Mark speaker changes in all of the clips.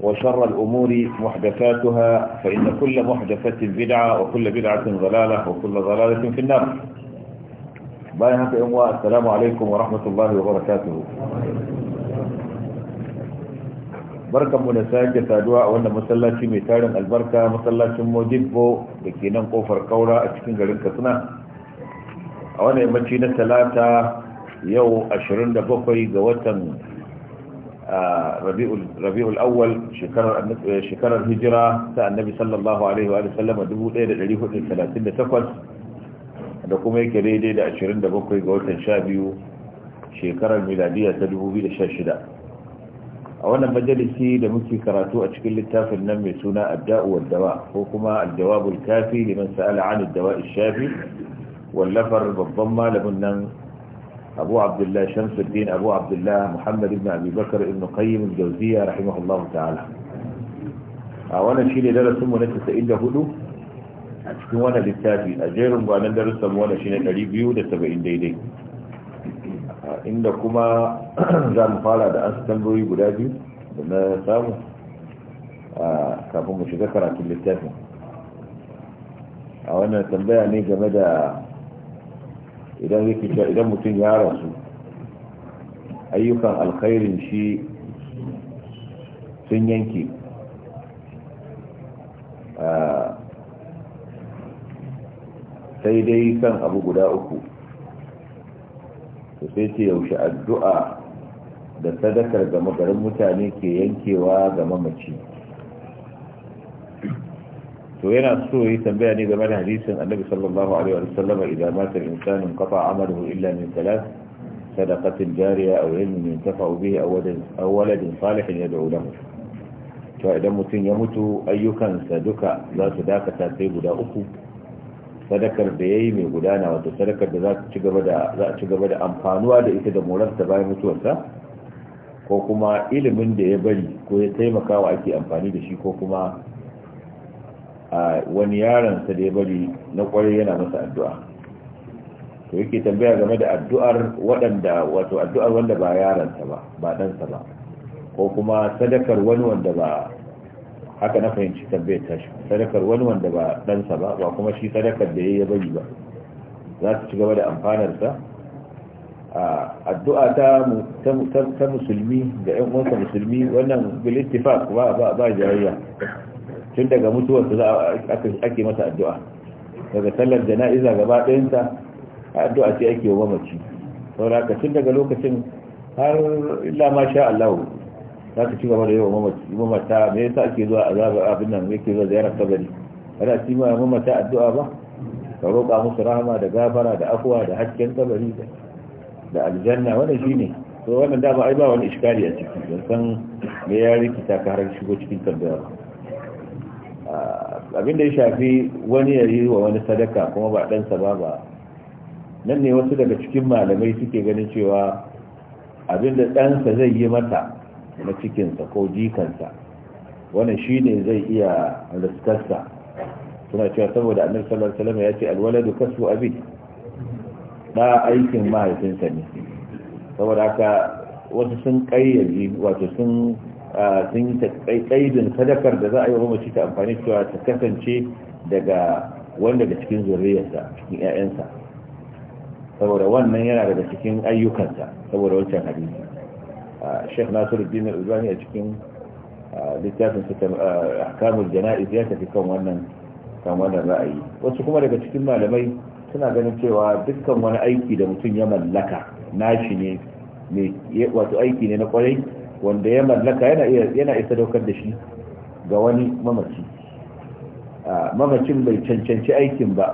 Speaker 1: وشر الأمور محدثاتها فإن كل محدثة بدعة وكل بدعة ضلالة وكل ضلالة في النار باي هكا إمواء السلام عليكم ورحمة الله وبركاته بركة منساك تدعاء وأن مسلاتي ميتارن البركة مسلاتي مودبو لكي ننقو فرقورة أتكين غرين كتنا وأنا يمتين الثلاثة يو أشرين دبقي قوة rabi'ul awwal shekarar hijira ta annabi sallallahu alaihi wa sallam 1438 da kuma yake daidai da 27 ga watan 12 shekarar miladiya ta 2016 a wannan majalisi da muke karatu a cikin littafin nan mai suna adda'u wad dawa ko kuma al-jawabul kafi liman sa'ala 'an ad-dawa'i shafi wallafar babban malamin nan أبو عبد الله شمس الدين أبو عبد الله محمد بن أبي بكر بن قيم الجوزية رحمه الله تعالى أولا آه، شيني درس أمو نكس إلا هدو أتكوانا للتاتي أجيرم وأنا درس أمو أنا شيني نريب يو نتبعين ديدي عندكما زال مقالة دا أستم روي بلادي بما سامو آه، كافو مش ذكرت كل التاتي أولا آه، تنبيع نيجا مدى idan yake idan mutum ya rasu ayyukan alkhairin shi sun yanke sai dai kan abu guda uku to sai ce yaushe addu'a da sadakar gama mutane ke yankewa ga mamaci to yana so yi tambaya ne game da hadisin annabi sallallahu alaihi wa sallam idan mata insanin qata amaluhu illa min thalath sadaqatin jariya aw ilmin yuntafa'u bihi aw waladin aw waladin salih yad'u lahu to idan mutum ya mutu ayyukansa duka za su dakata sai guda uku sadakar da yayi mai gudana wato sadakar da za a ci gaba da amfanuwa da ita da morarta bayan mutuwarsa ko kuma ilimin da ya bari ko ya taimaka wa ake amfani da shi ko kuma a wani yaron sa da ya bari na kwarai yana masa addu'a to yake tambaya game da addu'ar waɗanda wato addu'ar wanda ba yaron sa ba ba dan ba ko kuma sadakar wani wanda ba haka na fahimci tambayar tashi sadakar wani wanda ba dan sa ba ba kuma shi sadakar da ya bari ba za su ci gaba da amfanar sa addu'a ta musulmi da 'yan uwansa musulmi wannan bil ittifaq ba ba jayayya tun daga mutuwar su ake mata addu'a daga sallar jana'iza gaba a addu'a ce ake wa mamaci saboda tun daga lokacin har illa ma sha Allah za ka ci gaba da yawa mamata me yasa ake zuwa azaba abin nan yake zuwa ziyarar kabari ana ci ma mamata addu'a ba ka roƙa musu rahama da gafara da afuwa da hasken kabari da aljanna wannan shine to wannan dama ai ba wani iskari a ciki ban san me ya rikita ka har shigo cikin tambaya ba abin da ya shafi wani ya yi wa wani sadaka kuma ba ɗansa ba ba nan ne wasu daga cikin malamai suke ganin cewa abin da ɗansa zai yi mata na cikinsa ko jikansa wannan shine zai iya riskarsa suna cewa saboda annabi sallallahu alaihi wasallam ya ce alwaladu kasu abi da aikin mahaifinsa ne saboda haka wasu sun kayyaji wato sun sun yi kaidin sadakar da za a yi wa mace ta amfani cewa ta kasance daga wanda daga cikin zuriyarsa cikin 'ya'yansa saboda wannan yana daga cikin ayyukansa saboda wancan hadisi Sheikh Nasiruddin Al-Albani a cikin littafin ta kamun jana'iz ya tafi kan wannan kan ra'ayi wasu kuma daga cikin malamai suna ganin cewa dukkan wani aiki da mutum ya mallaka nashi ne wato aiki ne na kwarai wanda ya mallaka yana yana isa daukar da shi ga wani mamaci mamacin bai cancanci aikin ba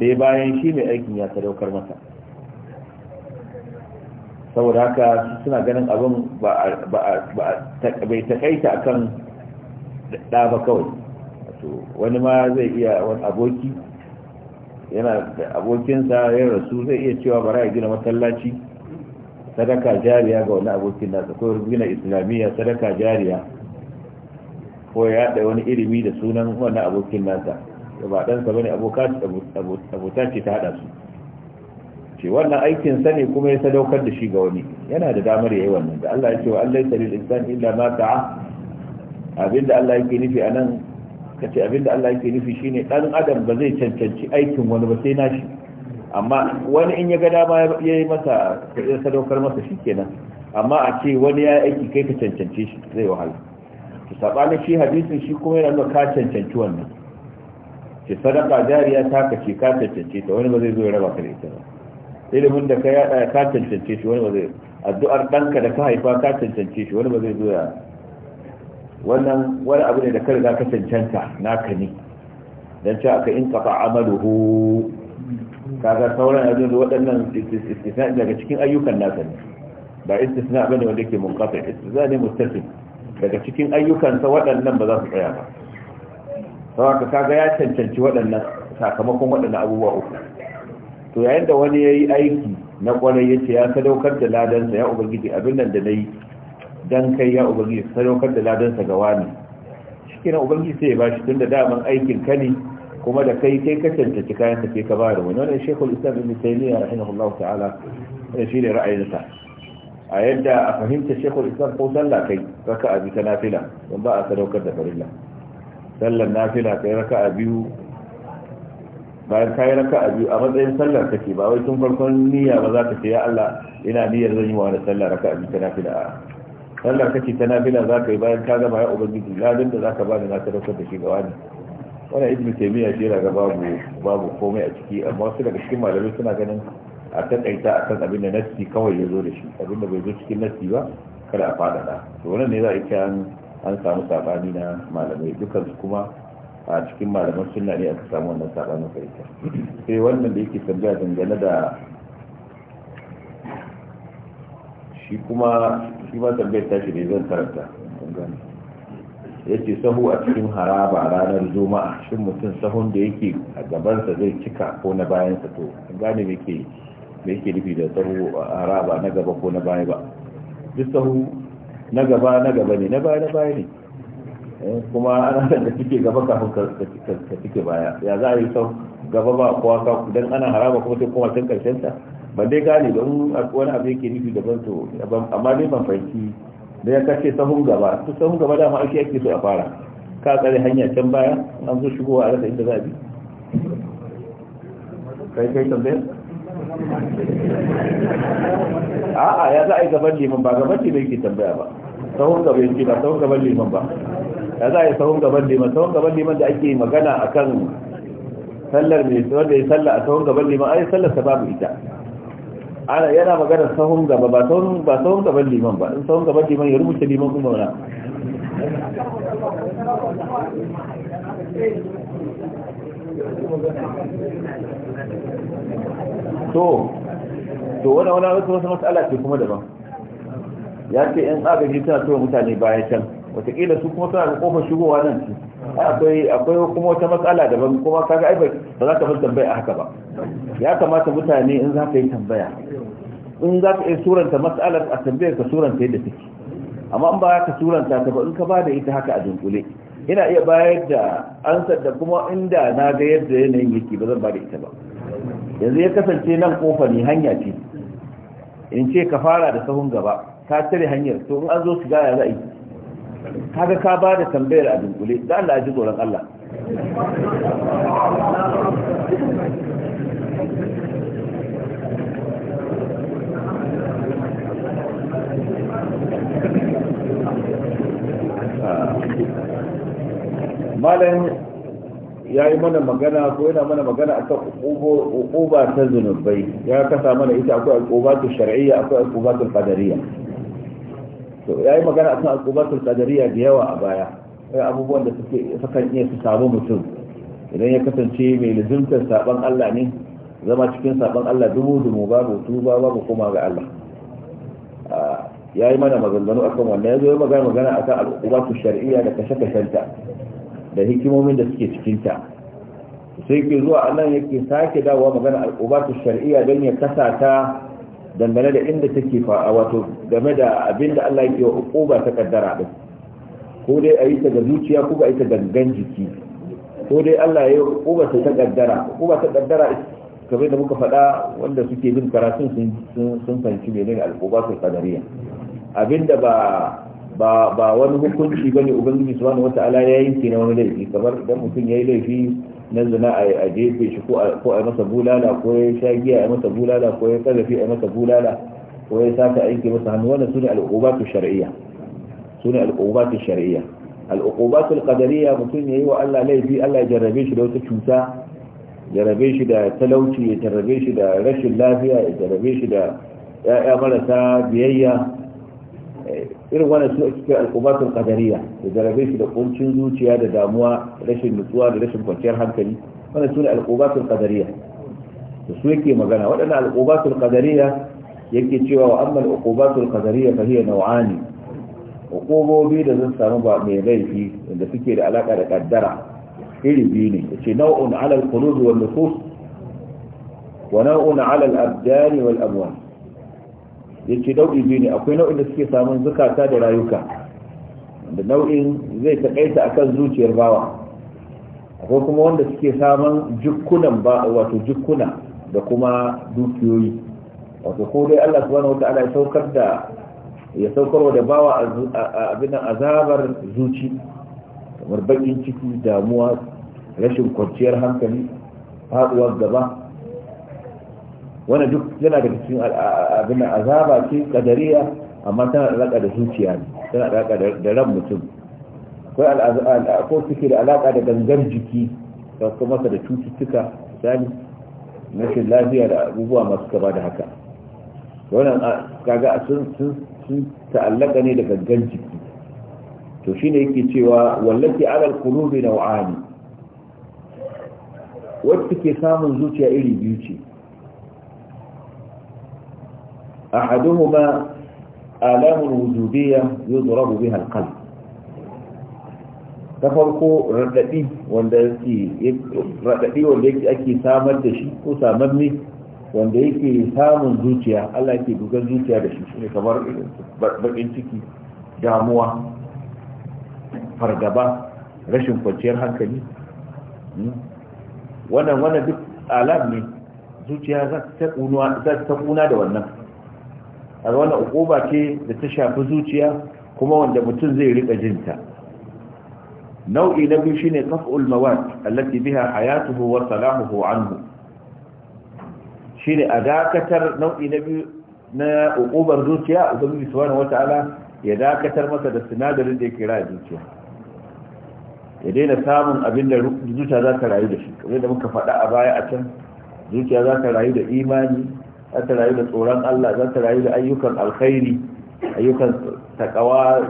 Speaker 1: sai bayan shi mai aikin ya sadaukar masa saboda haka suna ganin abin bai takaita akan ɗa ba kawai wani ma zai iya wani aboki yana da abokinsa ya rasu zai iya cewa bara ya gina matallaci. sadaka jariya ga wani abokin nasa ko rubina islamiyya sadaka jariya ko ya haɗa wani ilimi da sunan wani abokin nasa da ba ɗansa bane abota ce ta haɗa su ce wannan aikin sa ne kuma ya sadaukar da shi ga wani yana da damar yayi wannan da Allah ya ce wa Allah ta lil insani illa ma ta'a abinda Allah yake nufi anan kace abinda Allah yake nufi shine dan adam ba zai cancanci aikin wani ba sai nashi amma wani in ya ga dama ya yi masa ya sadaukar masa shi kenan amma a ce wani ya aiki kai ka cancance shi zai wahala ki sabanin shi hadisin shi kuma yana nuna ka cancanci wannan ki sadaka jariya ta ka ce ka cancance ta wani ba zai zo ya raba ka da ita ba ilimin da ka yaɗa ka cancance shi wani ba zai addu'ar danka da ka haifa ka cancance shi wani ba zai zo ya wannan wani abu ne da ka riga ka cancanta naka ne dan ce aka in kafa amaluhu kaga sauran abin da waɗannan istisna daga cikin ayyukan nasa ne ba istisna bane wanda yake munqati istisna ne muttasil daga cikin ayyukansa waɗannan ba za su tsaya ba saboda kaga ya cancanci waɗannan sakamakon waɗannan abubuwa uku to yayin da wani yayi aiki na ya yace ya sadaukar da ladansa ya ubangiji abin nan da nayi dan kai ya ubangiji sadaukar da ladansa ga wani shikenan ubangiji sai ya bashi tunda daman aikin ka ne kuma da kai kai ka cancanci kayan ka sai ka ba da wani wannan shekul islam ibn taymiya rahimahullahu ta'ala da eh, shi ne ra'ayinsa a yadda a fahimta shekul islam ko sallah kai raka a ta nafila don ba a sadaukar da farilla sallar nafila kai raka a biyu bayan kayi raka a biyu a matsayin sallar take ba wai tun farkon niyya ba za ta ce ya Allah ina niyyar zan yi wa wani sallar raka a biyu ta nafila a sallar kake ta nafila za ka yi bayan ka gama ya ubangiji ladin da za ka ba da na sadaukar da shi ga wani wani ibn taimiyya shi yana ga babu babu komai a ciki amma wasu daga cikin malamai suna ganin a takaita akan abin da nassi kawai ya zo da shi abin da bai zo cikin nassi ba kada a fadada to wannan ne za a ce an an samu sabani na malamai dukkan su kuma a cikin malaman sunna ne aka samu wannan sabanin ita sai wannan da yake tambaya dangane da shi kuma shi ma tambayar tashi ne zan karanta yace sahu a cikin haraba ranar juma'a shin mutum sahun da yake a gabansa zai cika ko na bayansa to an gane me yake me yake nufi da sahu a haraba na gaba ko na baya ba duk sahu na gaba na gaba ne na baya na baya ne eh, kuma ana san da kike gaba kafin ka kike baya ya za a yi sahu gaba ba kowa ka dan ana haraba kuma sai kuma tun karshen ta ban dai gane don wani abu yake nufi daban to amma dai ban fahimci da ya kashe sahun gaba su sahun gaba da ma'aiki ake so a fara ka tsare hanya can baya an zo shigowa a rasa inda za a bi kai kai tambayar a'a ya za a yi gaban liman ba gaban liman ke tambaya ba sahun gaba yake ba sahun gaban liman ba ya za a yi sahun gaban liman sahun gaban liman da ake magana akan sallar mai sallar da ya salla a sahun gaban liman a yi sallar sababu ita ana yana magana sahun gaba ba sahun ba sahun gaban liman ba in sahun gaban liman ya rubuta liman kuma wala
Speaker 2: to to wani
Speaker 1: wani wata wasu matsala ce kuma daban ya ce yan agaji suna tura mutane baya can watakila su kuma suna da kofar shigowa nan ce akwai akwai kuma wata matsala daban kuma kaga ai ba za ka bar tambaya haka ba ya kamata mutane in za ka yi tambaya in za ka iya suranta matsalar a tambayar ka suranta yadda take amma an ba ka suranta ta ba in ka ba da ita haka a dunkule ina iya bayar da ansar da kuma inda na ga yadda yanayin yake ba zan ba da ita ba yanzu ya kasance nan kofa ne hanya ce in ce ka fara da sahun gaba ka tare hanyar to in an zo shiga gaya za yi kaga ka ba da tambayar a dunkule da Allah ya ji tsoron Allah malam ya yi mana magana ko yana mana magana a kan ukuba ta zunubai ya kasa mana ita akwai ta shari'a akwai ta qadariyya to ya yi magana a kan ta qadariyya da yawa a baya akwai abubuwan da suke sukan iya su samu mutum idan ya kasance mai lizimtar saban Allah ne zama cikin saban Allah dubu dubu babu tuba babu kuma ga Allah ya yi mana maganganu akan wannan ya zo ya magana akan al'ubatu shar'iyya da kashe-kashenta da hikimomin da suke cikinta sai ke zuwa anan yake sake dawowa magana al'ubatu shari'a don ya kasa ta dangane da inda take fa'a wato game da abin da Allah yake wa uba ta kaddara din ko dai a yi ta ga zuciya ko ba a yi gangan jiki ko dai Allah ya yi uba ta ta kaddara uquba ta kaddara kamar da muka faɗa wanda suke bin karatun sun sun fanci menene al'uba su kadariya abinda ba ba wani hukunci bane ubangiji wata ala ya yanke na wani laifi kamar idan mutum yi laifi na zina a jefe shi ko a masa bulala ko ya sha giya a masa bulala ko ya kazafi a masa bulala ko ya saka aiki masa hannu wannan sune al'ubatu shar'iyya sune al'ubatu shari'a al'ubatu al mutum ya yi wa Allah laifi Allah ya jarrabe shi da wata cuta jarrabe shi da talauci ya jarrabe shi da rashin lafiya ya jarrabe shi da ya'ya marasa biyayya Eh, irin wani su ake kira kadariya da jarabe shi da kuncin zuciya da damuwa rashin nutsuwa da rashin kwanciyar hankali wannan sune alqubatul kadariya da su yake magana waɗannan alqubatul kadariya yake cewa wa amma alqubatul qadariyya fa hiya naw'ani hukumomi da zan samu ba mai laifi wanda suke da alaka da kaddara iri biyu ne yace naw'un ala alqulub wal nufus wa naw'un ala al abdan wal amwal yace nau'i biyu ne akwai nau'in da suke samun zukata da rayuka da nau'in zai takaita akan zuciyar bawa akwai kuma wanda suke samun jukkunan ba wato jukkuna da kuma dukiyoyi wato ko dai Allah subhanahu wataala ya saukar da ya saukarwa da bawa abin azabar zuci kamar bakin ciki damuwa rashin kwanciyar hankali faduwar gaba wani duk yana da cikin abin azaba ce kadariya amma tana da alaka da zuciya ne tana da alaka da ran mutum ko suke da alaka da gangar jiki da kuma da cututtuka misali shi lafiya da abubuwa masu kaba da haka wannan kaga sun sun ta'allaka ne da gangan jiki to shine yake cewa wallahi alal qulubi naw'ani wacce ke samun zuciya iri biyu ce أحدهما آلام وجودية يضرب بها القلب ta farko raɗaɗi wanda yake ake samar da shi ko samanne wanda yake samun zuciya Allah yake dugan zuciya da shi shine kamar bakin ciki damuwa fargaba rashin kwanciyar hankali hmm? wannan wannan duk alam zuciya za ta kuna da wannan a wannan ukuba ce da ta shafi zuciya kuma wanda mutum zai rika jinta nau'i na biyu shine qaf'ul mawat allati biha hayatuhu wa salamuhu anhu shine a dakatar nau'i na biyu na ukubar zuciya ubangiji subhanahu ta'ala ya dakatar masa da sinadarin da yake rayu zuciya ya daina samun abin da zuciya za ta rayu da shi kamar da muka faɗa a baya a can zuciya za ta rayu da imani za ta rayu da tsoron Allah za ta rayu da ayyukan alkhairi ayyukan takawa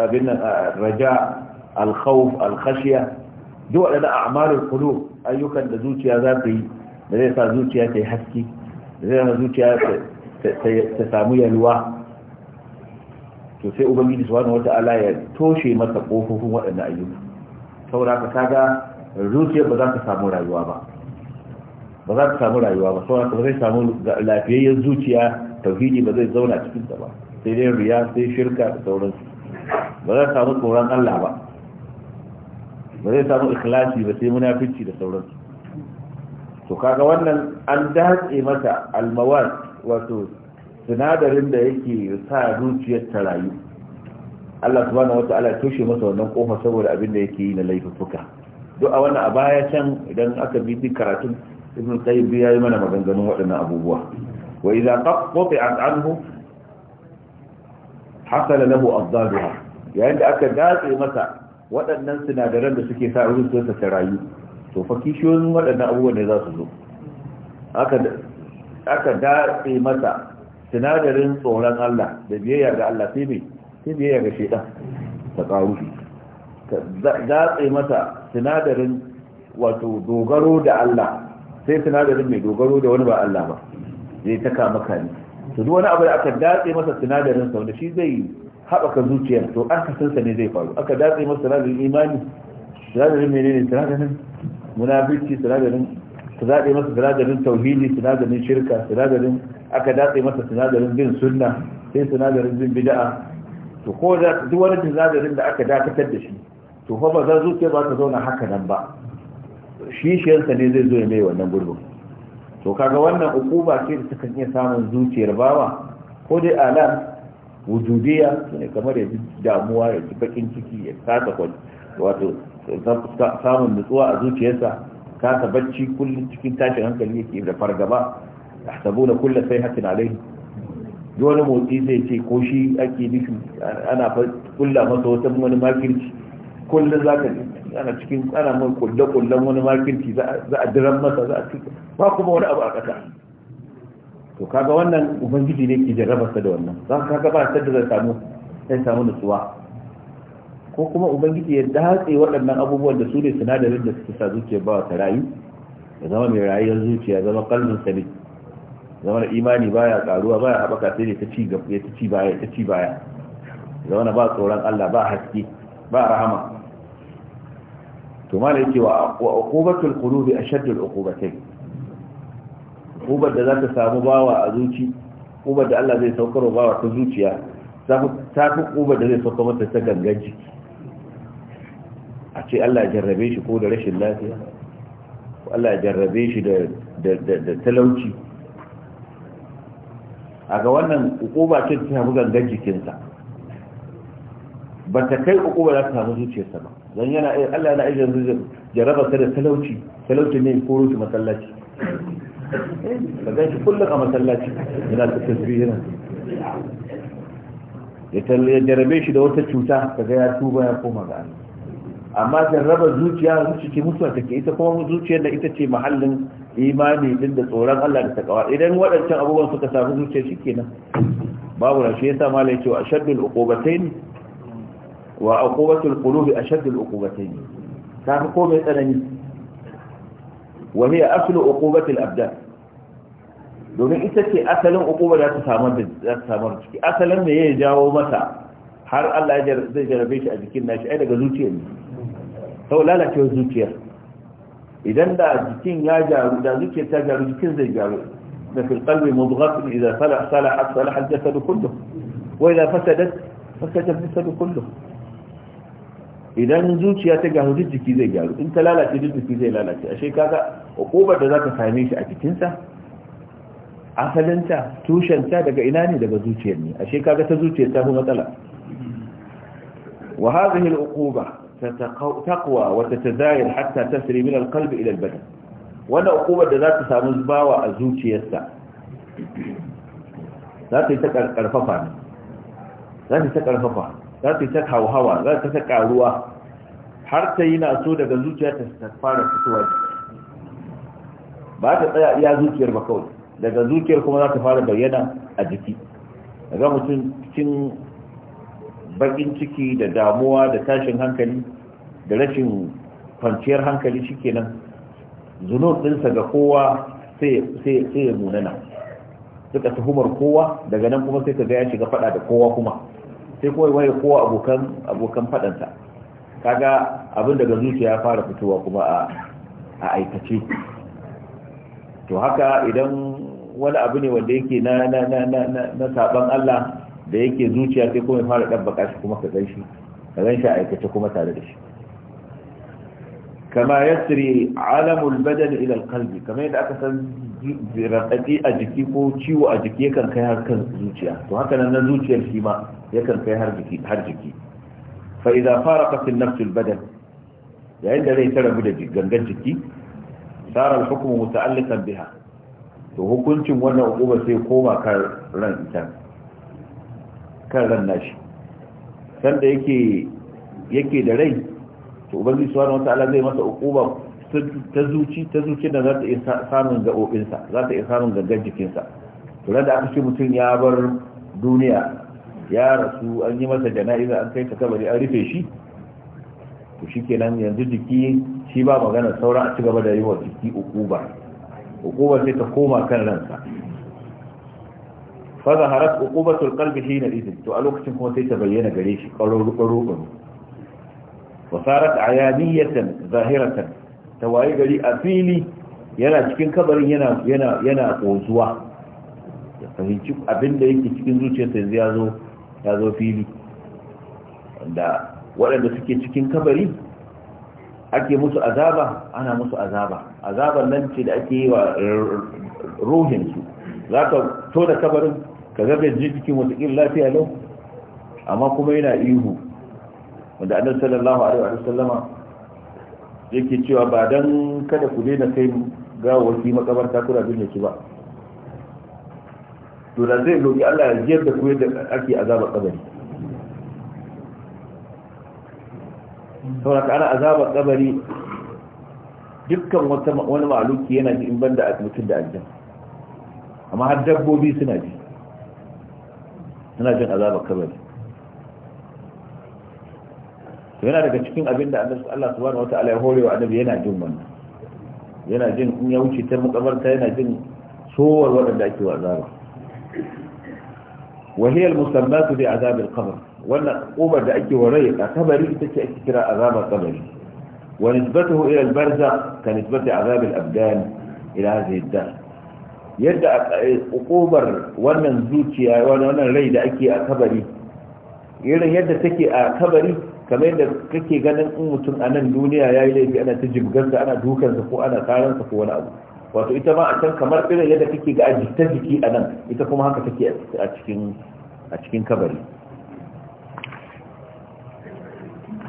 Speaker 1: abin nan raja alkhawf alkhashiya duk waɗanda a'malul qulub ayyukan da zuciya za ta yi da zai sa zuciya ta yi haske da zai sa zuciya ta samu yalwa to sai ubangiji wata ala ya toshe masa kofofin waɗannan ayyuka saboda ka kaga zuciya ba za ta samu rayuwa ba ba za ka samu rayuwa ba ka ba zai samu lafiyayyen zuciya tauhidi ba zai zauna cikin ta ba sai dai riya sai shirka da sauransu ba za ka samu tsoron Allah ba ba zai samu ikhlasi ba sai munafici da sauransu to kaga wannan an dace masa almawar wato sinadarin da yake sa zuciyar ta rayu Allah subhanahu ta'ala toshe masa wannan kofa saboda abin da yake yi na laifuka duk a wannan a baya can idan aka bi duk karatun ibn qayyim ya yi mana maganganun waɗannan abubuwa wa idza qati'at anhu hasala lahu afdaluha yayin da aka dace masa waɗannan sinadaran da suke sa ruwan ta rayu to fa kishiyoyin waɗannan abubuwan ne za su zo aka dace masa sinadarin tsoron Allah da biyayya ga Allah sai me sai biyayya ga shaidan ta karu dace masa sinadarin wato dogaro da Allah sai sinadarin mai dogaro da wani ba Allah ba zai ta kama kani to duk wani abu da aka datse masa sinadarin sa wanda shi zai haɓaka zuciyar to an sa ne zai faru aka datse masa sinadarin imani sinadarin menene sinadarin munafiki sinadarin zaɓe masa sinadarin tauhidi sinadarin shirka sinadarin aka datse masa sinadarin bin sunna sai sinadarin bin bid'a to ko da duk wani sinadarin da aka dakatar da shi to fa ba za zuciya ba ta zauna haka nan ba shishiyarsa ne zai zo ya mai wannan gurbin to kaga wannan ukuba ce da suka iya samun zuciyar bawa ko dai ala wujudiya ne kamar ya ji damuwa ya ji bakin ciki ya kasa kwanci wato samun nutsuwa a zuciyarsa kasa bacci kullum cikin tashin hankali yake da fargaba yahsabuna sai sayhatin alai dole motsi zai ce ko shi ake nufi ana kulla masa wata wani makirci kullum za ka ji ana cikin ana mun kulle-kullen wani makirci za a diran masa za a cikin ba kuma wani abu a ƙasa to kaga wannan ubangiji ne ke sa da wannan za ka ga ba sadda zai samu sai samu nutsuwa ko kuma ubangiji ya datse waɗannan abubuwan da su ne sinadarin da suke sa zuciya ba ta rayu ya zama mai rayuwar zuciya ya zama kalmin ne zama da imani baya karuwa baya haɓaka sai ne ta ci gaba ta ci baya ta ci baya zama ba tsoron Allah ba haske ba rahama to malai yake wa kulubi qulubi ashaddul uqubatayn uqubar da za ta samu bawa a zuci uqubar da Allah zai saukar wa bawa ta zuciya ta fi uqubar da zai saukar mata ta gangan jiki a ce Allah ya jarrabe shi ko da rashin lafiya ko Allah ya jarrabe shi da talauci a ga wannan uquba ce ta samu gangan jikinsa ba ta kai uquba za ta samu zuciyarsa ba dan yana Allah yana ajin zuwa jaraba ta da talauci talauci ne ko rufe masallaci ka ganshi kullum a masallaci yana ta tasbih yana ya jarabe shi da wata cuta ga ya tuba ya koma ga Allah amma jaraba zuciya zuci ce mutuwa take ita kuma zuciyar da ita ce mahallin imani din da tsoron Allah da takawa idan waɗancan abubuwan suka samu zuciya shikenan babu rashi yasa malai cewa ashaddul uqubatayn وعقوبة القلوب أشد العقوبتين كان قوبة أنني وهي أصل عقوبة الأبدان دون إتكي أصل عقوبة لا تسامر أصلا ما يجاو متى حر الله يجر بيش أجكين ناش أين قزوتي أمي فهو لا لك يزوتي إذن لا أجكين لا جارو لا زوتي تجارو جكين زي جارو في القلب مضغة إذا صلح صلح صلح الجسد كله وإذا فسدت فسد الجسد كله idan zuciya ta gyaru duk jiki zai gyaru in ta lalace duk jiki zai lalace ashe kaga hukumar da zaka same shi a jikinsa asalinta tushenta daga ina ne daga zuciyar ne ashe kaga ta zuciya ta fi matsala wa hadhihi al-uquba taqwa wa tatazayir hatta tasri min al-qalbi ila al-badan wannan uqubar da za ta samu zubawa a zuciyarsa za ta yi ta karfafa ne za ta yi ta karfafa za ta yi ta hauhawa za ta ta karuwa har ta yi so daga zuciya ta fara fitowa ba ta tsaya iya zuciyar ba kawai daga zuciyar kuma za ta fara bayyana a jiki daga mutum cikin bakin ciki da damuwa da tashin hankali da rashin kwanciyar hankali shikenan zunub ɗinsa ga kowa sai ya munana suka tuhumar kowa daga nan kuma sai ka ga ya shiga fada da kowa kuma sai kawai ya kowa abokan abokan fadansa kaga abin daga zuciya fara fitowa kuma a aikace to haka idan wani abu ne wanda yake na na na na saban Allah da yake zuciya sai kuma fara dabbaka shi kuma ka gan shi ka gan shi a aikace kuma tare da shi kama yasri alamul badan ila alqalbi kamar yadda aka san radadi a jiki ko ciwo a jiki yakan kai har kan zuciya to haka nan na zuciyar shi ma yakan kai har jiki har jiki fa idza faraqat an-nafs al-badan yayin da zai tarabu da gangan jiki sara al-hukmu muta'alliqan biha to hukuncin wannan uba sai koma kan ran ita kan ran nashi sanda yake yake da rai to ubangiji subhanahu wataala zai masa uba ta zuci ta zuci da za ta iya samun gaɓoɓinsa za ta iya samun gangan jikinsa to da aka ce mutum ya bar duniya ya rasu an yi masa jana'iza an kai ta kabari an rufe shi to shikenan yanzu jiki shi ba magana sauran a ci gaba da yi wa jiki ukuba ukuba sai ta koma kan ransa fa zaharat uqubatul qalbi hina idin to a lokacin kuma sai ta bayyana gare shi qaruru qaruru wa sarat ayaniyatan zahiratan tawayi gari a fili yana cikin kabarin yana yana yana kozuwa ya fahimci abin da yake cikin zuciyarsa yanzu ya zo ta zo fili da waɗanda suke cikin kabari ake musu azaba ana musu azaba azaban nan ce da ake yi wa ruhinsu za ka to da kabarin ka zaɓe wasu wataƙin lafiya lau amma kuma yana ihu wanda annan sallallahu alaihi wa sallama yake cewa ba don kada ku daina kai gawawaki makabarta kuna bin ci ba to da zai roƙi Allah ya jiyar da ku yadda ake azabar kabari saboda ana azabar kabari dukkan wani maluki yana ji in banda a mutum da aljan amma har dabbobi suna ji suna jin azabar kabari to yana daga cikin abin da annabi Allah subhanahu wataala ya hore wa annabi yana jin wannan yana jin in ya wuce ta makabarta yana jin sowar waɗanda ake wa azaba wahiyar musallatu bi azabil qabr wannan ubar da ake warai a kabari ita ce ake kira azabar kabari wa nisbatuhu ila al-barza ka nisbati azabil abdan ila hadhihi ad yadda ukubar wannan zuciya wannan rai da ake a kabari irin yadda take a kabari kamar yadda kake ganin in mutum a nan duniya ya yi laifi ana ta jibgarsa ana dukansa ko ana karansa ko wani abu wato ita ma a can kamar irin yadda kake ga aji ta jiki a nan ita kuma haka take a cikin a cikin kabari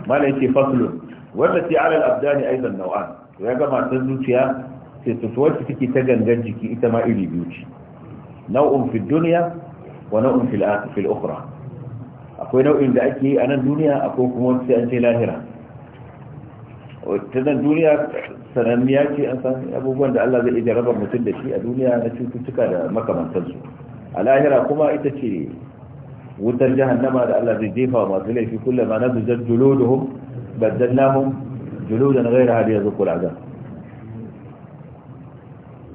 Speaker 1: mala yake faslu wanda ce alal abdani aidan nau'an ya gama ta zuciya sai su wacce take ta gangan jiki ita ma iri biyu ce nau'un fi dunya wa nau'un fil akhirah akwai nau'in da ake yi a nan duniya akwai kuma sai an ce lahira tunan duniya sananniya ce an san abubuwan da Allah zai iya jarabar mutum da shi a duniya na cututtuka da makamantansu a lahira kuma ita ce wutar jahannama da Allah zai jefa wa masu laifi kullum ma nazu jan juluduhum na gaira ghayra hadiya kula azab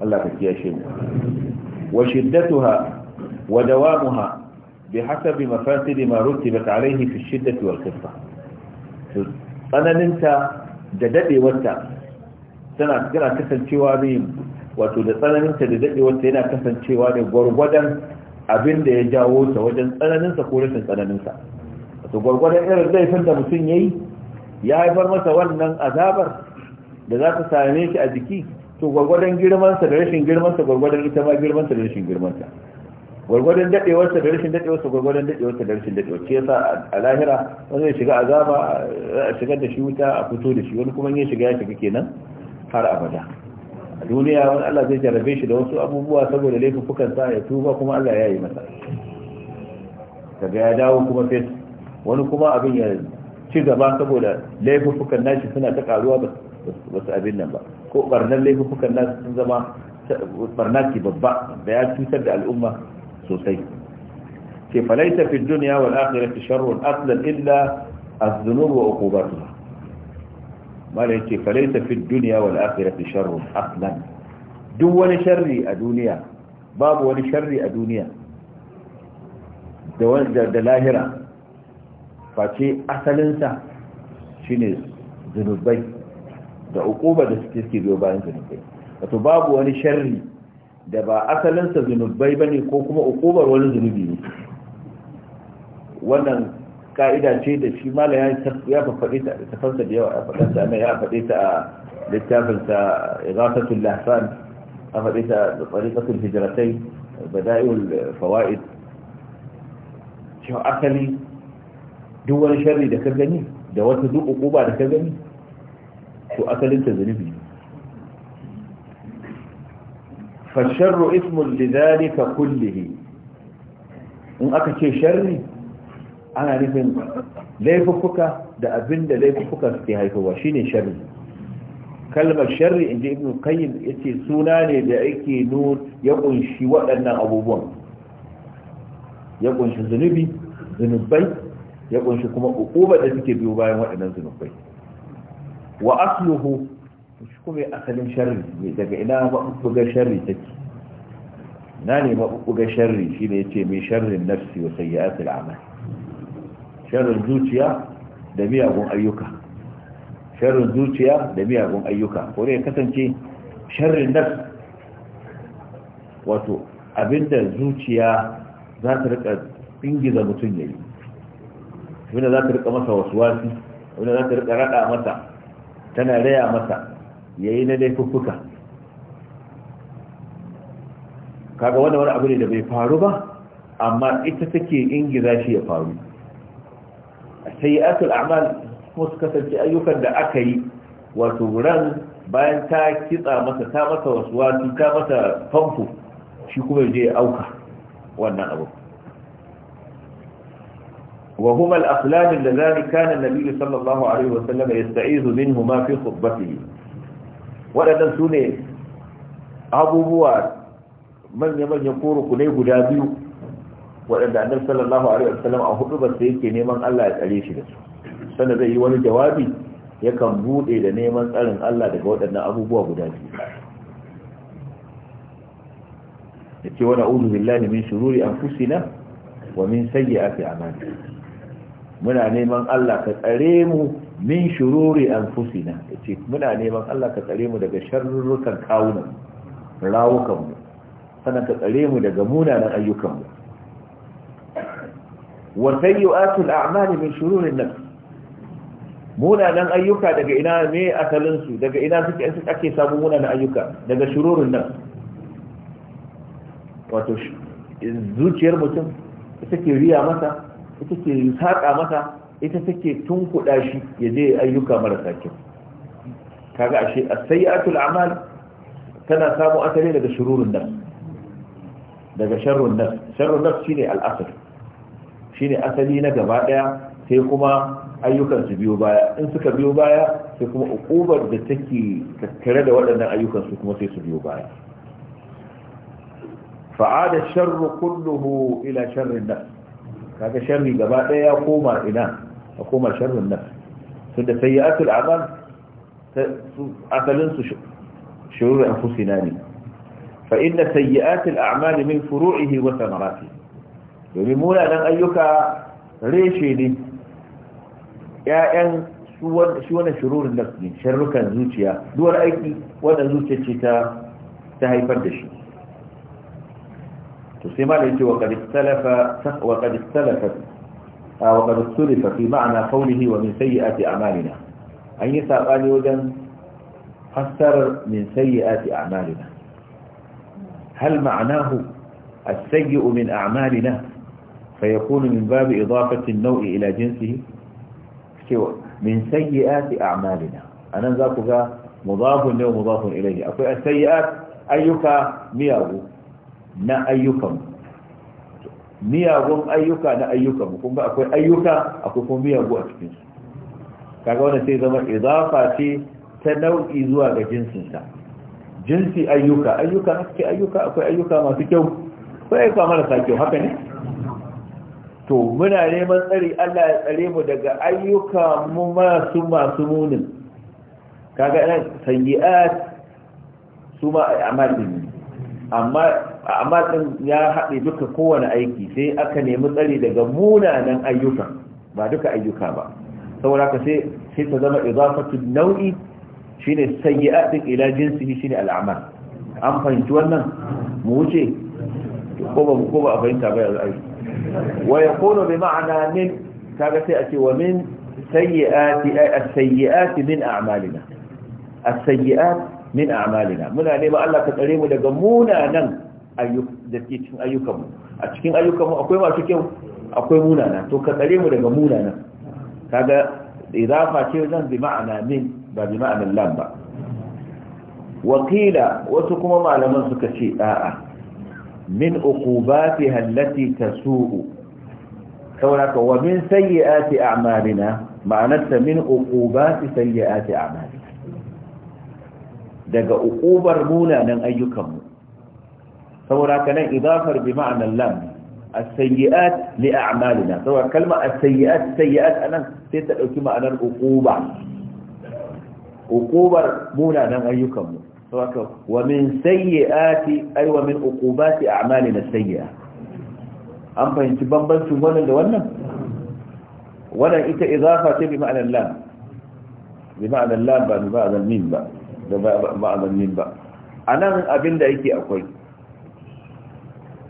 Speaker 1: Allah ka kiyashe mu wa shiddatuha wa dawamuha bihasabi mafasid ma rutibat alayhi fi shiddati wal qisah tsananinta da dadewarta tana tana kasancewa ne wato da tsananinta da dadewarta yana kasancewa ne gwargwadon abin da ya jawo ta wajen tsananinsa ko rashin tsananinsa wato gwargwadon irin laifin da mutum ya yi ya haifar masa wannan azabar da za ta same shi a jiki to gwargwadon girmansa da rashin girmansa gwargwadon ita ma girmansa da rashin girmansa gwargwadon daɗewarsa da rashin daɗewarsa gwargwadon daɗewarsa da rashin dadewarsa yasa a lahira wani ya shiga azaba a shigar da shi wuta a fito da shi wani kuma ya shiga ya shiga kenan har abada a duniya wani Allah zai jarabe shi da wasu abubuwa saboda laifukan sa ya tuba kuma Allah ya yi masa daga ya dawo kuma sai wani kuma abin ya ci gaba saboda laifukan nashi suna ta karuwa ba su abin nan ba ko barnan laifukan nashi sun zama barnaki babba da ya cutar da al'umma sosai ke falaita fi duniya wal akhirati sharrun aslan illa az-zunub wa uqubatuha malai ce falaita fi duniya wal akhirati sharrun aslan duk wani sharri a duniya babu wani sharri a duniya da wanda da lahira face asalinsa shine zunubai da uquba da suke biyo bayan zunubai wato babu wani sharri da ba asalinsa zunubai ba ne ko kuma ukubar wani zunubi ne wannan ka'ida ce da shi mala ya faɗi ta tafansa da yawa a ta ana ya faɗi ta a littafinsa igasatul lahsan a faɗi ta da tsarikatul hijiratai bada'ul fawaid cewa asali duk wani sharri da ka gani da wata duk ukuba da ka gani to asalin ta zunubi fasharru ismun ka kullihi in aka ce sharri ana nufin laifuffuka da abinda laifuffuka suke haifarwa shine sharri kalmar sharri in ji ibn ya ce suna ne da ake nun ya kunshi waɗannan abubuwan ya kunshi zunubi zunubai ya kunshi kuma uquba da suke biyo bayan waɗannan zunubai wa asluhu shi kuma asalin sharri daga ina maɓuɓɓugar sharri take na ne maɓuɓɓugar sharri shi ne ya ce mai sharrin nafsi wa sayyatul al'amal sharrin zuciya da miyagun ayyuka sharrin zuciya da miyagun ayyuka ko ne kasance sharrin nafs wato abinda zuciya za ta rika ingiza mutum yayi abinda za ta rika masa wasu wasi abinda za ta rika rada masa tana raya masa ya yi na laifuffuka kaga wanda wani abu ne da bai faru ba amma ita take ingiza shi ya faru sai asul amal musu kasance ayyukan da aka yi wato ran bayan ta kitsa masa ta masa wasu wasu ta masa famfo shi kuma je ya auka wannan abu وهما الأقلام اللذان كان النبي صلى الله عليه وسلم يستعيذ منهما في خطبته waɗannan su ne abubuwa manya manya koruku ne guda biyu waɗanda annabi sallallahu alaihi wasallam a hudu ba sai yake neman Allah ya tsare shi da su sanda zai yi wani jawabi ya kan bude da neman tsarin Allah daga waɗannan abubuwa guda biyu yace wani na'udhu billahi min shururi anfusina wa min sayyiati a'malina muna neman Allah ka tsare mu min shururi anfusina yace muna neman Allah ka tsare mu daga sharrurrukan kawunan rawukan mu sannan ka tsare mu daga munanan ayyukan mu wa sayyi'atul a'mali min shururi an-nafs munanan ayyuka daga ina ne asalin su daga ina suke suke ake samu munanan ayyuka daga shururin nan. wato zuciyar mutum ita ke riya masa ita ke saƙa masa ita take kuɗa shi ya je ayyuka marasa kyau kaga ashe as a'mal tana samu asali daga shururun nafs daga sharrun nafs sharrun nafs shine al'asar shine asali na gaba daya sai kuma ayyukan su biyo baya in suka biyo baya sai kuma ukubar da take tattare da waɗannan ayyukan su kuma sai su biyo baya fa'ada sharru kulluhu ila sharrin nafs kaga sharri gaba ɗaya ya koma ina hukumar koma sharrin nan tunda sayyatul a'mal asalin su shurur anfusina ne fa inna sayyi'atul a'mal min furu'ihi wa thamaratihi domin munanan ayyuka reshe ne ‘ya'yan shi wani shirurin nafsi sharrukan zuciya duwar aiki wanda zuciya ce ta haifar da shi to sai ma da yake wa ƙadistalafa وقد اختلف في معنى قوله ومن سيئات أعمالنا أن يسأل وجن فسر من سيئات أعمالنا هل معناه السيء من أعمالنا فيكون من باب إضافة النوع إلى جنسه من سيئات أعمالنا أنا ذاك مضاف له مضاف إليه أقول السيئات أيك مياه نا أيكم miyagun ayyuka na ayyuka mu kuma akwai ayyuka akwai kuma miyagu a cikin su kaga wannan sai zama idafa ce ta nau'i zuwa ga jinsin sa jinsi ayyuka ayyuka suke ayyuka akwai ayyuka masu kyau akwai ayyuka marasa kyau haka ne to muna neman tsari Allah ya tsare mu daga ayyuka mu masu masu munin kaga nan sayyi'at su ma a'malin amma amma din ya haɗe duka kowane aiki sai aka nemi tsari daga munanan ayyuka ba duka ayyuka ba saboda ka sai sai ta zama izafatu nau'i shine sayyi'at din ila jinsihi shine al'amal an fahimci wannan mu wuce ko ba ko ba a fahimta ba yanzu ai wa yakunu bi ma'ana min kaga sai a ce wa min sayyi'ati ay as-sayyi'ati min a'malina as-sayyi'at min a'malina muna neman Allah ka tsare mu daga munanan da ke cikin ayyukanmu a cikin ayyukanmu akwai masu kyau akwai munana to ka tsare mu daga munana kaga idafa ce zan bi ma'ana min ba bi ma'anan lam ba wakila wasu kuma malaman suka ce a'a min uqubati allati tasu'u sauraka wa min sayyi'ati a'malina ma'anarta min uqubati sayyi'ati a'malina daga uqubar munanan ayyukanmu saboda haka nan idafar bi ma'anar lam as-sayyi'at li a'malina saboda kalma as-sayyi'at sayyi'at anan sai ta dauki ma'anar uquba uqubar munanan ayyukan mu saboda wa min sayyi'ati ay wa min uqubati a'malina sayyi'a an fahimci bambancin wannan da wannan wannan ita idafa ce bi ma'anar lam bi ma'anar lam ba bi ma'anar mim ba da ma'anar mim ba anan abinda yake akwai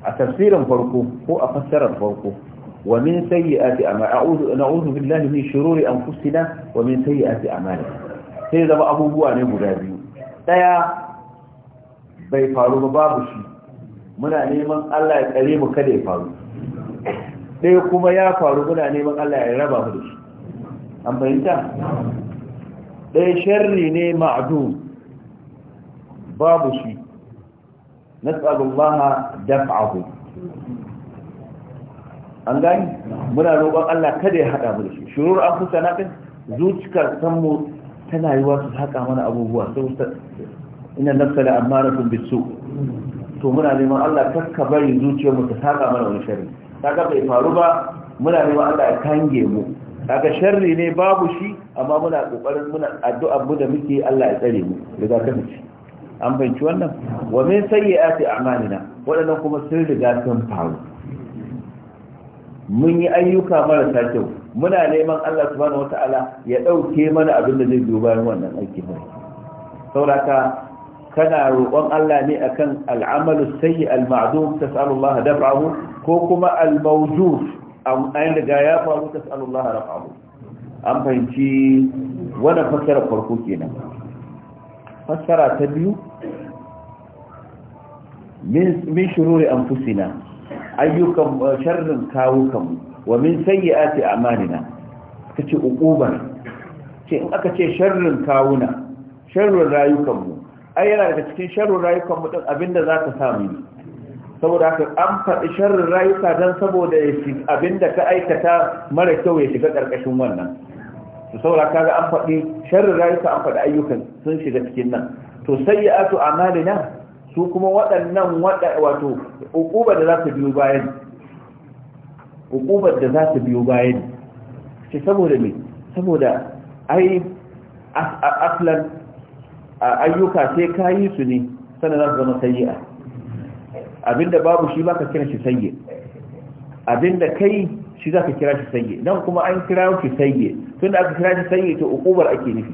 Speaker 1: a tafsirin farko ko a fassarar farko wa min sayyi'ati a'udhu na'udhu billahi min shururi anfusina wa min sayyi'ati a'malina sai zama abubuwa ne guda biyu daya bai faru ba babu shi muna neman Allah ya tsare mu kada ya faru Ɗaya kuma ya faru muna neman Allah ya raba mu da shi an fahimta Ɗaya sharri ne ma'adun, babu shi nas'alullaha daf'ahu an gani muna roƙon Allah kada ya haɗa mu da shi shurur an kusa na ɗin zuciyar sanmu tana yi wasu haƙa mana abubuwa sau ina nafsa amma na rafin bisu to muna neman Allah kakka bari zuciyar mu ta saƙa mana wani Ta kaga bai faru ba muna neman Allah ya kange mu kaga sharri ne babu shi amma muna ƙoƙarin muna addu'a mu da muke Allah ya tsare mu daga kan shi an fahimci wannan wa min sayyi'ati a'malina waɗannan kuma sun riga sun faru mun yi ayyuka marasa kyau muna neman Allah subhanahu wata'ala ya ɗauke mana abin da zai biyo bayan wannan aiki mai sauraka kana roƙon Allah ne akan al'amalu sayyi al-ma'dum tas'alullaha daf'ahu ko kuma al-mawjuf an riga ya faru tas'alullaha raf'ahu an fahimci wannan fasara farko kenan fassara ta biyu min shururi anfusina ayyukan eh, sharrin kawukanmu wa min sayyiati a'malina kace uqubar ce in aka ce sharrin kawuna sharrin rayukanmu ai yana daga cikin sharrin rayukanmu din abinda zaka samu saboda haka an faɗi sharrin rayuka don saboda abinda ka aikata mara kyau ya shiga ƙarƙashin wannan to saboda kaga an faɗi sharri rayuka an faɗi ayyukan sun shiga cikin nan to sayyi'atu a'malina su kuma waɗannan wato uquba da za ta biyo bayan uquba da za ta biyo bayan ce saboda me saboda ai aslan ayyuka sai kayi su ne sanan za su zama sayyi'a abinda babu shi baka kira shi sayyi'a abinda kai shi za ka kira shi sayye nan kuma an kira shi sayye tun da aka kira shi sayye to ukubar ake nufi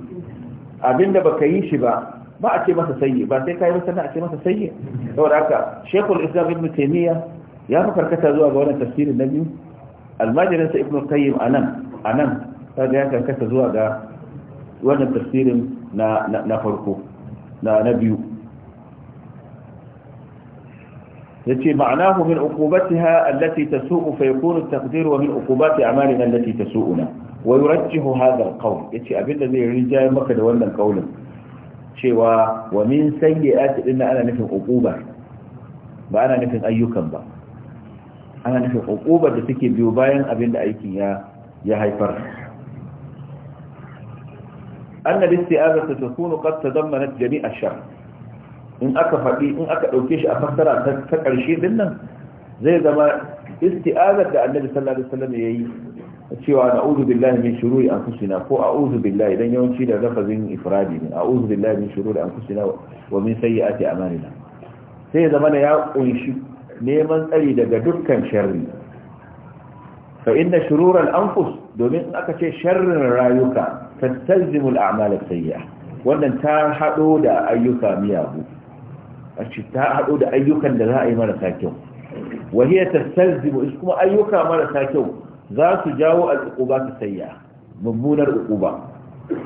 Speaker 1: abinda baka yi shi ba ba a ce masa sayye ba sai ka yi masa a ce masa sayye saboda haka shekul islam ibn ya fi karkata zuwa ga wannan tafsirin na biyu almajirin sa ibn qayyim nan anan kaga ya karkata zuwa ga wannan tafsirin na farko na biyu yace ma'anahu min uqubatiha allati tasu'u fa yakunu at-taqdir wa min uqubati a'malina allati tasu'una wa yurajjihu hadha al-qawl yace abinda zai rinjaye maka da wannan kaulin cewa wa min sayyi'ati dinna ana nufin uquba ba ana nufin ayyukan ba ana nufin uquba da take biyo bayan abinda aikin ya ya haifar anna al-isti'azatu takunu qad tadammanat jami'a ash in aka faɗi in aka ɗauke shi a fassara ta ƙarshe ɗin nan zai zama isti'azar da annabi sallallahu alaihi wasallam ya yi cewa na'udhu billahi min shururi an kusina ko a'udhu billahi dan yawanci da lafazin ifradi ne a'udhu billahi min shururi an kusina wa min sayyiati a'malina sai zama ya kunshi neman tsari daga dukkan sharri fa inna shurural anfus domin in aka ce sharrin rayuka fastalzimul a'mal as-sayyi'ah wannan ta hado da ayyuka miyagu a ce ta haɗo da ayyukan da za a yi marasa kyau wahiyar tasarzibu is kuma ayyuka marasa kyau za su jawo al'uquba ta sayya mummunar uquba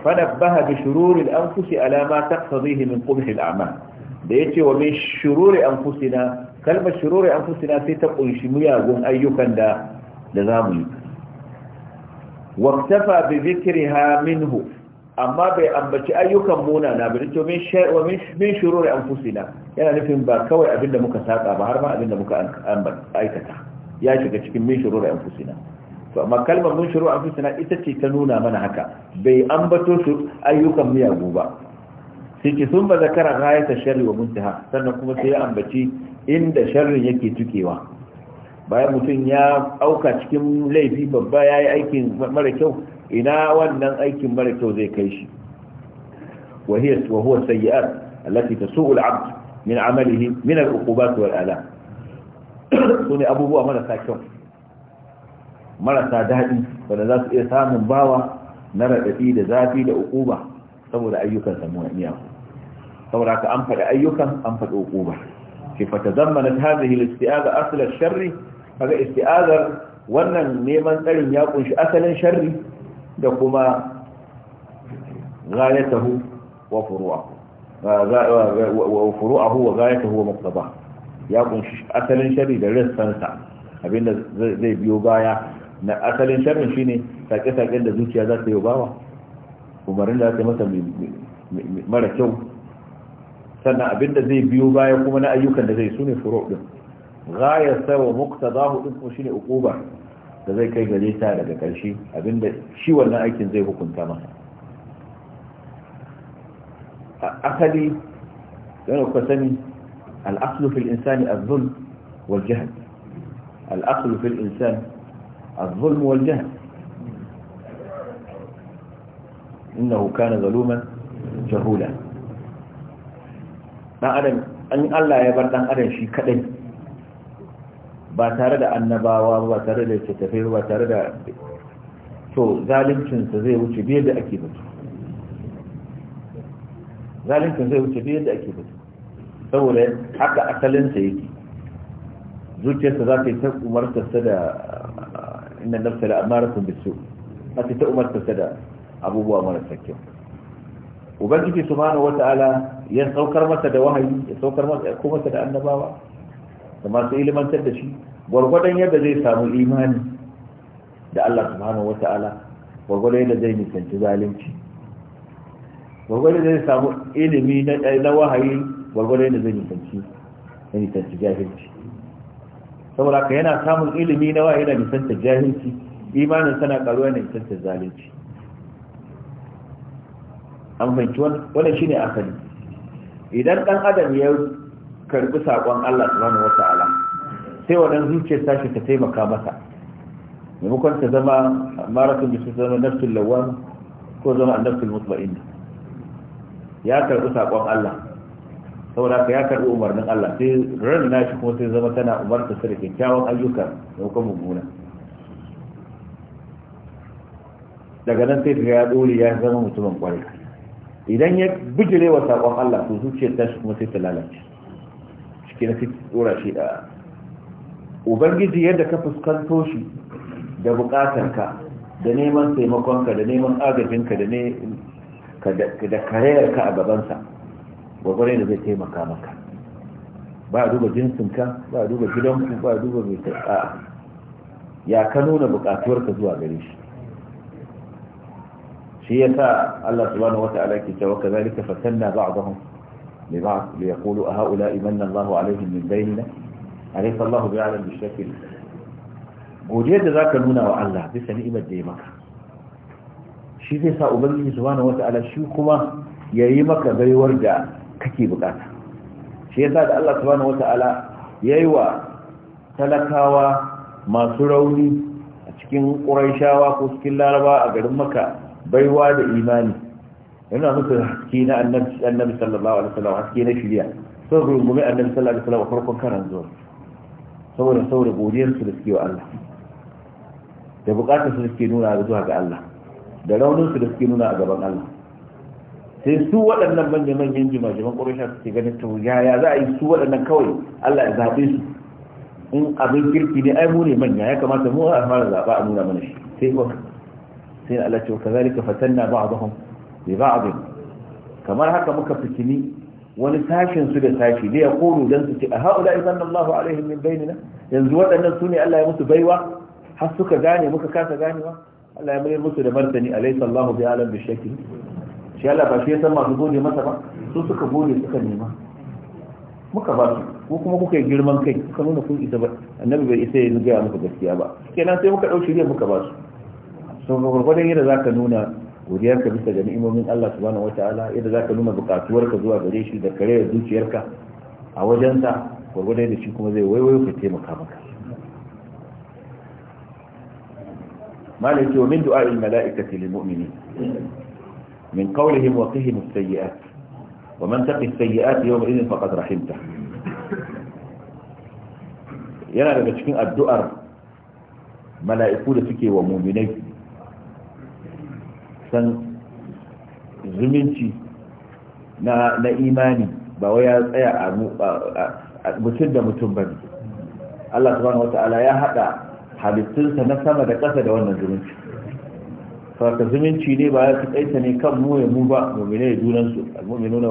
Speaker 1: fanabbaha bi shururi al-anfusi ala ma taqtadihi min qubh al da da ce wa mai shururi anfusina kalmar shururi sai ta kunshi miyagun ayyukan da da mu yi waktafa bi ha minhu amma bai ambaci ayyukan muna na to min shay'u min min shururi anfusina yana nufin ba kawai abinda muka saka ba har ma abinda muka aikata ya shiga cikin min shururi anfusina to amma kalmar min shururi anfusina ita ce ta nuna mana haka bai ambato su ayyukan miyagu ba sai ce sun ba zakara ghayata sharri wa muntaha sannan kuma sai ya ambaci inda sharrin yake tukewa bayan mutum ya auka cikin laifi babba ya yi aikin mara kyau ina wannan aikin mara kyau zai kai shi wa hiya wa huwa sayyi'at allati tasu'u al-'abd min 'amalihi min al-uqubat wal adab sune abubuwa marasa kyau marasa daɗi wanda za su iya samun bawa na raɗaɗi da zafi da uquba saboda ayyukan samuwa iyaku saboda haka an faɗi ayyukan an faɗi uquba ki fatazammanat hadhihi al-isti'aza asl ash-sharri kaga isti'azar wannan neman tsarin ya kunshi asalin sharri da kuma furu'ahu wa gayatahu wa ومقتضاه ya kunshi asalin shari da sa abinda zai biyo baya na asalin sharin shine sake sake da zuciya za ta yi bawa umarin da za ta masa mara kyau sannan abinda zai biyo baya kuma na ayyukan da zai sune ne gayatahu wa gayar sawa mukta za shine uquba da zai kai gare ta daga ƙarshe abinda shi wannan aikin zai hukunta masa asali yana kuka sani al'aslu fil insani az-zulm wal jahl al'aslu fil insani az-zulm wal jahl innahu kana zaluman jahula dan adam an Allah ya bar dan adam shi kadai ba tare da annabawa ba tare da littattafai ba tare da to zaluncinsa zai wuce biyar da ake batu zalincin zai wuce biyar da ake batu saboda haka asalinsa yake zuciyarsa za ta yi ta umartarsa da inda nafsa da amaratun da su za ta yi ta umartarsa da abubuwa marasa kyau ubangiji su wata ala ya saukar masa da wahayi ya saukar masa ya kuma da annabawa da masu ilimantar da shi gwargwadon yadda zai samu imani da Allah subhanahu wata'ala gwargwadon yadda zai nisanci zalunci gwargwadon zai samu ilimi na wahayi gwargwadon yadda zai nisanci ya nisanci jahilci saboda ka yana samun ilimi na wahayi na nisanci jahilci imanin sana karuwa na nisanci zalunci an fahimci wannan shine asali idan dan adam ya karbi sakon Allah subhanahu ta'ala sai wannan zuciyar tashi ta taimaka masa maimakon ta zama maratun da su zama nafsul lawan ko zama nafsul mutma'inna ya karbi sakon Allah saboda ka ya karbi umarnin Allah sai ran nashi kuma sai zama tana umarta su da kyakkyawan ayyuka da kuma mummuna daga nan sai ya dole ya zama mutumin kwarai idan ya bijirewa wa sakon Allah to zuciyar tashi kuma sai ta lalace shi na sai tsora shi da ubangiji yadda ka fuskanto shi da bukatarka da neman taimakonka da neman agajinka da ne da karayarka a gabansa gwagware da zai taimaka maka ba a duba jinsinka ba a duba gidanku ba a duba mai ta'a ya ka nuna bukatuwarka zuwa gare shi shi ya sa Allah subhanahu wa ta'ala ke cewa kazalika fatanna ba'dahum لبعض ليقولوا هؤلاء من الله عليهم من بيننا أليس الله بيعلم بالشكل godiyar da zaka nuna wa Allah bisa ni'imar da ya maka shi zai sa ubangiji subhanahu wata'ala shi kuma yayi maka baiwar da kake bukata shi yasa da Allah subhanahu wata'ala yayi wa talakawa masu rauni a cikin ƙuraishawa ko cikin laraba a garin maka baiwa da imani yana musu haske na annabi sallallahu alaihi wasallam haske na shirya sun rungume annabi sallallahu alaihi wasallam farkon karan zuwa saboda saboda godiyar su da suke wa Allah da bukatar su da suke nuna ga zuwa ga Allah da raunin su da suke nuna a gaban Allah sai su waɗannan manya-manyan jima-jiman ƙorasha suke ganin to yaya za a yi su waɗannan kawai Allah ya zaɓe su in abin kirki ne ai mu ne manya ya kamata mu a fara zaɓa a nuna mana shi sai ko sai Allah ce wa kazalika fatanna ba'dahum bi ba'd kamar haka muka fitini wani tashin su da sashi ne ya kono ce a haula idan Allahu alaihim min bainina yanzu waɗannan su ne Allah ya musu baiwa har ka gane muka kasa ganewa Allah ya mayar musu da martani ba shi masu masa ba su suka nema muka ba su ko kuma kuka girman kai kuka nuna kun isa ba annabi bai isa ya gaya muku gaskiya ba kenan sai muka ɗau shirya muka ba su sun gwargwadon yadda za ka nuna godiyar ka bisa ga ni'imomin Allah subhanahu wataala yadda zaka nuna bukatuwar zuwa gare shi da kare zuciyarka a wajensa gwargwado da shi kuma zai waiwayo ka taimaka maka malik ce min du'a il mala'ikati lil mu'minin min qawlihim wa qihim as-sayyi'at wa man taqi as-sayyi'at yawma idhin faqad rahimta yana daga cikin addu'ar mala'iku da suke wa mu'minai san zumunci na imani ba wai ya tsaya a mutum da mutum ba ne Allah subhanahu ta'ala ya haɗa halittunsa na sama da ƙasa da wannan zumunci saboda zumunci ne ba ya fi kaita ne kan mu ya mu ba mu'mine ya junansu al-mu'minuna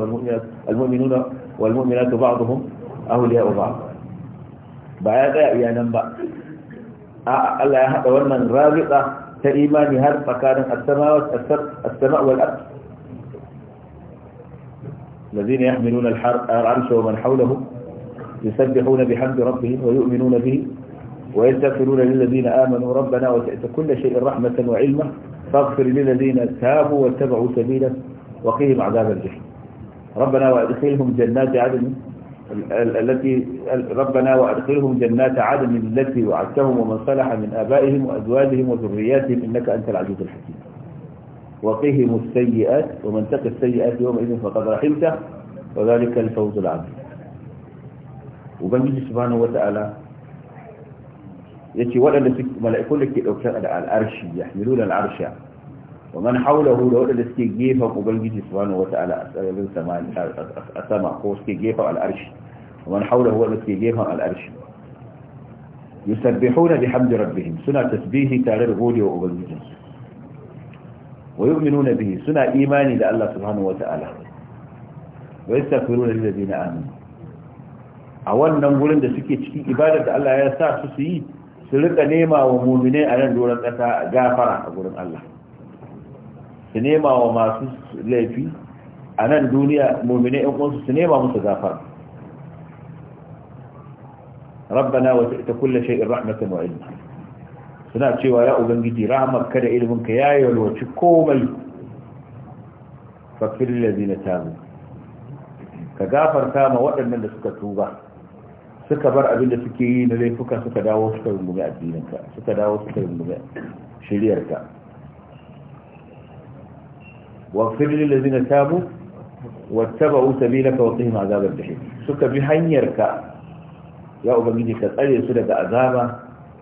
Speaker 1: wal-mu'minuna wal-mu'minatu ba'dhum awliya'u ba'd ba ya tsaya iyanan ba a Allah ya haɗa wannan rabita كإيمان imani مكان السماء as السماء والأرض الذين يحملون العرش ومن حوله يسبحون بحمد ربهم ويؤمنون به ويستغفرون للذين آمنوا ربنا وتأت كل شيء رحمة وعلما فاغفر للذين تابوا واتبعوا سبيلا وقيهم عذاب الجحيم ربنا وادخلهم جنات عدن التي ربنا وأدخلهم جنات عدن التي وعدتهم ومن صلح من آبائهم وأزواجهم وذرياتهم إنك أنت العزيز الحكيم وقهم السيئات ومن تقي السيئات يومئذ فقد رحمته وذلك الفوز العظيم وبنجي سبحانه وتعالى يتي ولا ملائكون لك على العرش يحملون العرش يعني wa man haulahu da wadanda suke gefen ubangiji subhanahu wata'ala a sararin sama ko suke gefen al'arshi wa man haulahu wadanda suke gefen al'arshi yusabbihuna bihamdi rabbihim suna tasbihi tare da godewa ubangijinsu wa yu'minuna bihi suna imani da Allah subhanahu wata'ala wa yastaghfiruna lil ladina amanu a wannan gurin da suke cikin ibadar da Allah ya sa su su yi su rika nema wa mu'mine a nan doron kasa gafara a gurin Allah su nema wa masu laifi a nan duniya mummune yan uwansu su nema musu gafara rabbana wa ta'ta kullu shay'in rahmatan wa ilma suna cewa ya ubangiji rahmarka da ilminka ya yalwaci komai fakir lazina tabu ka gafarta ma waɗannan da suka tuba suka bar abin da suke yi na laifuka suka dawo suka rungume addininka suka dawo suka rungume shiryarka. واغفر للذين تابوا واتبعوا سبيلك azabar عذاب الجحيم suka bi hanyarka ya ubangiji ka tsare su daga azaba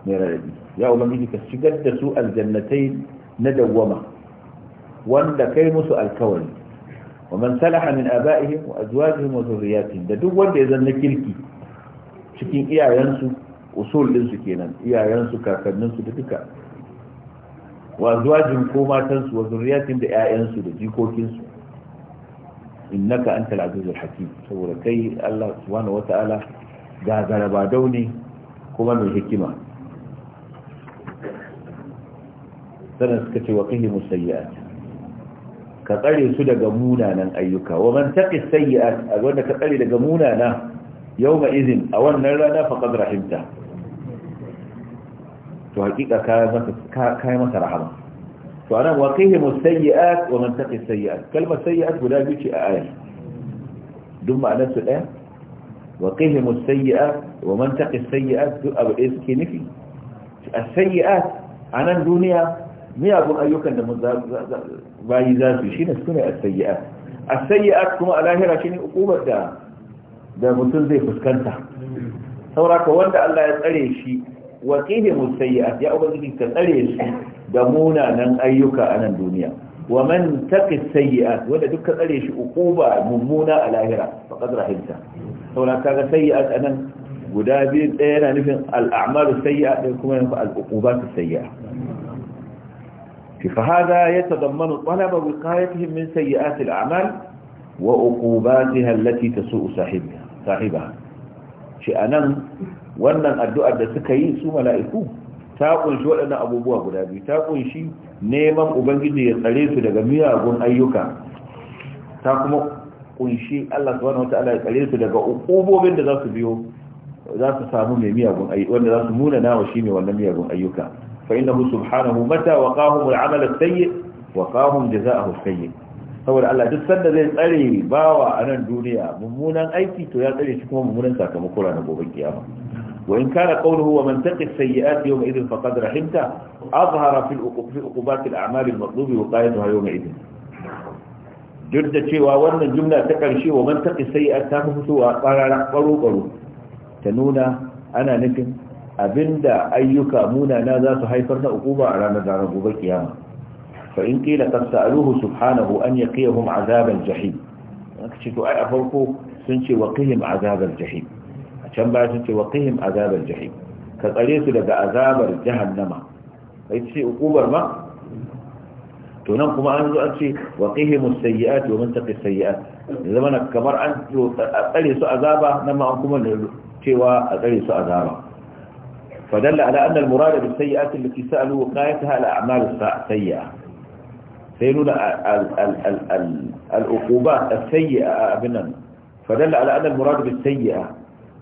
Speaker 1: mai radadi ya ubangiji ka shigar da su aljannatai na dawwama wanda kai musu alkawari wa man salaha min aba'ihim wa azwajihim wa dhurriyyatihim da duk wanda ya zanna kirki cikin iyayensu usul din su kenan iyayensu kakanninsu da duka wa zuwajin ko matansu wa zurriyatin da 'ya'yansu da jikokinsu innaka antal azizul hakim saboda kai Allah subhanahu wata'ala ga garaba daune kuma mai hikima sannan suka ce wa kai musayyi'at ka tsare su daga munanan ayyuka wa man taqi sayyi'at wanda ka tsare daga munana yawma izin a wannan rana faqad rahimta to hakika ka yi masa rahama to anan wa kai himu sayyi'at wa man taqi sayyi'at kalmar sayyi'at guda biyu ce a ayar duk ma'anar su ɗaya, wa kai himu sayyi'at wa man taqi sayyi'at duk abu ɗaya suke nufi as-sayyi'at anan duniya miyagun ayyukan da mu bayi za su shine sune as-sayyi'at as-sayyi'at kuma a lahira shine ukubar da da mutum zai fuskanta sauraka wanda Allah ya tsare shi وقيهم السيئات يا أبدا كنت تقليش دمونا نن أيك أنا الدنيا ومن تك السيئات ولا دك تقليش أقوبة ممونا الآهرة فقد رحمتا هنا كان سيئات أنا ودابين أنا نفهم الأعمال السيئة لكم ينفق الأقوبات السيئة فهذا يتضمن طلب وقايتهم من سيئات الأعمال وأقوباتها التي تسوء صاحبها صاحبها شيء شئنا wannan addu'ar da suka yi su mala'iku ta kunshi waɗannan abubuwa guda biyu ta kunshi neman ubangiji ya tsare su daga miyagun ayyuka ta kuma kunshi Allah subhanahu ta'ala ya tsare su daga ukubobin da za su biyo za su samu mai miyagun ayyuka wanda za su muna nawa shine wannan miyagun ayyuka fa innahu subhanahu mata waqahum al'amal as-sayyi waqahum jazaa'ahu as-sayyi saboda Allah duk sanda zai tsare bawa a nan duniya mummunan aiki to ya tsare shi kuma mummunan sakamako na gobe kiyama wa in kana qawluhu wa man taqi sayyi'ati yawma idhin faqad rahimta azhara fil uqubi uqubat al a'mal al matlubi wa qayyidaha yawma idhin duk da cewa wannan jumla ta karshe wa man taqi sayyi'ati ta fitowa qarara baro baro ta nuna ana nufin abinda ayyuka munana za su haifar da ukuba a ranar gobe kiyama فإن قيل قد سألوه سبحانه أن يقيهم عذاب الجحيم a أي أفرقوا سنشي وقيهم عذاب الجحيم أشان بقى سنشي وقيهم عذاب الجحيم كتقليس لك عذاب ce أيتشي أقوبر ما tunan kuma an zo an ce wa qihimu sayyi'ati wa man taqi sayyi'at zamana kamar an tsare su azaba nan ma an kuma cewa a tsare su azaba fadalla ala anna al murada bis sayyi'ati allati sa'alu wa qayataha al a'mal as-sayyi'ah سيلون العقوبات السيئة أبنا فدل على أن المراد بالسيئة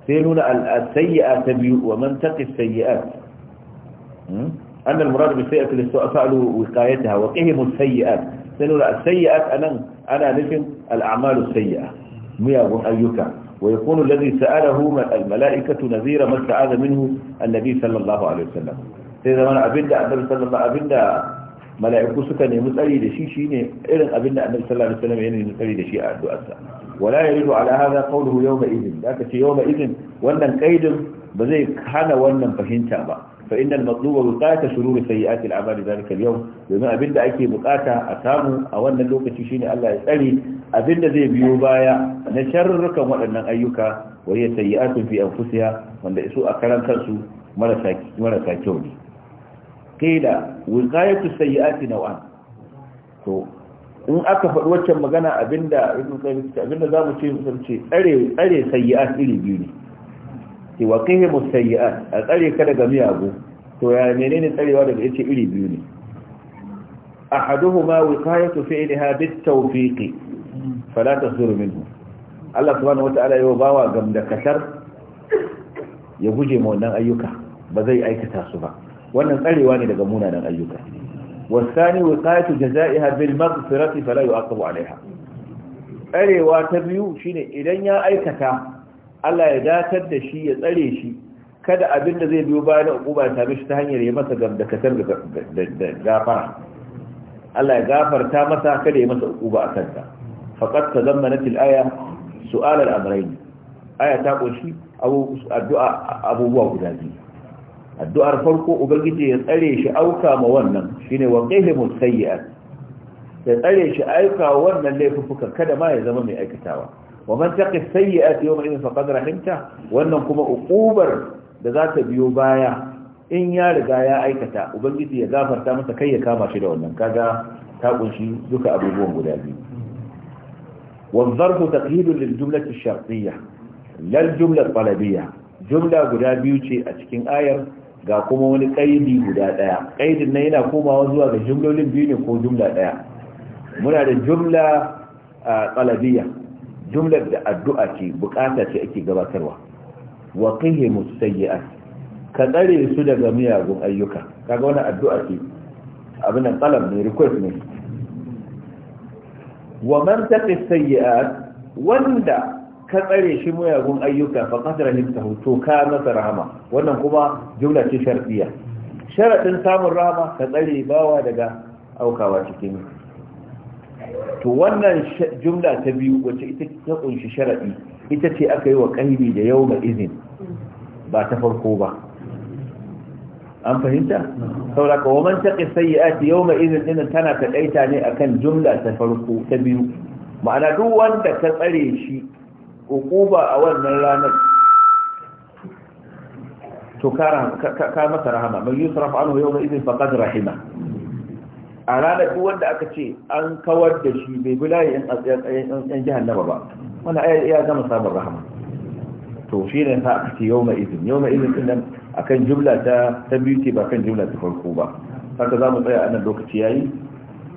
Speaker 1: سيلون السيئة bis ومن تقي السيئات أن المراد بالسيئة للسؤفاء وقايتها وقهم السيئات سيلون السيئات أنا, أنا نفهم الأعمال السيئة مياه أيك ويكون الذي سأله الملائكة نذير ما استعاذ منه النبي صلى الله عليه وسلم سيدنا أنا أبدا أبدا صلى الله mala'iku suka nemi tsari da shi shine irin abin da annabi sallallahu alaihi wasallam ya nemi tsari da shi a addu'arsa wala yaridu ala hadha qawluhu yawma idhin zaka ce yawma idhin wannan kaidin ba zai hana wannan fahimta ba fa innal matluba buqata shurur sayyi'ati al'amal zalika al-yawm domin abin da ake bukata a samu a wannan lokaci shine Allah ya tsare abin da zai biyo baya na sharrukan waɗannan ayyuka wa hiya sayyi'atun fi anfusiha wanda isu a karan kansu marasa marasa kyau ne qila wiqayatu sayyi'ati naw'an to in aka faɗi waccan magana abinda ibn qayyim ce abinda zamu ce mun ce tsare tsare sayyi'at iri biyu ne ki wa mu sayyi'at a tsare ka daga miyagu to ya menene tsarewa daga yace iri biyu ne ahaduhuma wiqayatu fi'liha bit-tawfiq fala tasdur minhu Allah subhanahu wata'ala yau bawa kasar ya guje mu wannan ayyuka ba zai aikata su ba wannan tsarewa ne daga munanan ayyuka wasani wiqayatu jazaiha bil maghfirati fala yu'aqabu alaiha tsarewa ta biyu shine idan ya aikata Allah ya datar da shi ya tsare shi kada abin da zai biyo bayan hukuma ta bi shi ta hanyar ya masa gamdakatar da gafara Allah ya gafarta masa kada ya masa hukuma a kanta faqad tazammanat al-aya su'al al-amrayn aya ta kunshi addu'a abubuwa guda biyu addu'ar farko ubangiji ya tsare shi auka ma wannan shine wa qihimul sayyi'at ya tsare shi auka wannan laifuka kada ma ya zama mai aikatawa wa man taqi sayyi'at yawma idhin faqad rahimta wannan kuma uqubar da za ta biyo baya in ya riga ya aikata ubangiji ya gafarta masa kai ya kama shi da wannan kaga ta kunshi duka abubuwan guda biyu wa zarfu taqhidun lil jumlati ash-shartiyyah lal jumla talabiyya jumla guda biyu ce a cikin ayar ga kuma wani kaidi guda daya kaidin nan yana komawa zuwa ga jumlolin biyu ne ko jumla daya muna da jumla qalabiyya jumlar da addu'a ce bukata ce ake gabatarwa wa qihimus sayyi'at ka tsare su daga miyagun ayyuka kaga wannan addu'a ce abin nan qalab ne request ne wa man taqi sayyi'at wanda ka tsare shi muyagun ayyuka fa qadara limtahu to ka masa rahama wannan kuma jumla ce shar'iyya sharadin samun rahama ka tsare bawa daga aukawa cikin to wannan jumla ta biyu wacce ita ta kunshi sharadi ita ce aka yi wa kaidi da yau ga izin ba ta farko ba an fahimta sauraka wa man taqi yau yawma izin. din tana kadaita ne akan jumla ta farko ta biyu ma'ana duk wanda ka tsare shi hukuma a wannan ranar to ka masa rahama mai yi sarrafa anu yau na izin faƙad rahima a ranar duk wanda aka ce an kawar da shi bai bi layi yan jihannaba ba wani iya gama samun rahama to shi ne sa aka ce yau na izin yau na izin ɗin nan kan jumla ta ta biyu ba kan jumla ta farko ba haka za mu tsaya a nan lokaci yayi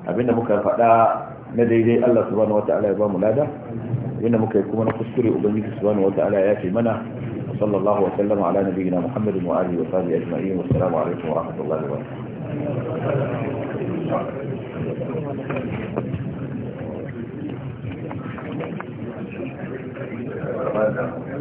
Speaker 1: abinda muka faɗa na daidai Allah subhanahu wata'ala ya ba mu lada inda muka yi kuma na kuskure ubangiji subhanahu wata'ala ya ce mana sallallahu wa sallama ala nabiyyina muhammadin wa alihi wa sahbihi ajma'in wa assalamu alaikum wa rahmatullahi
Speaker 2: wa barakatuh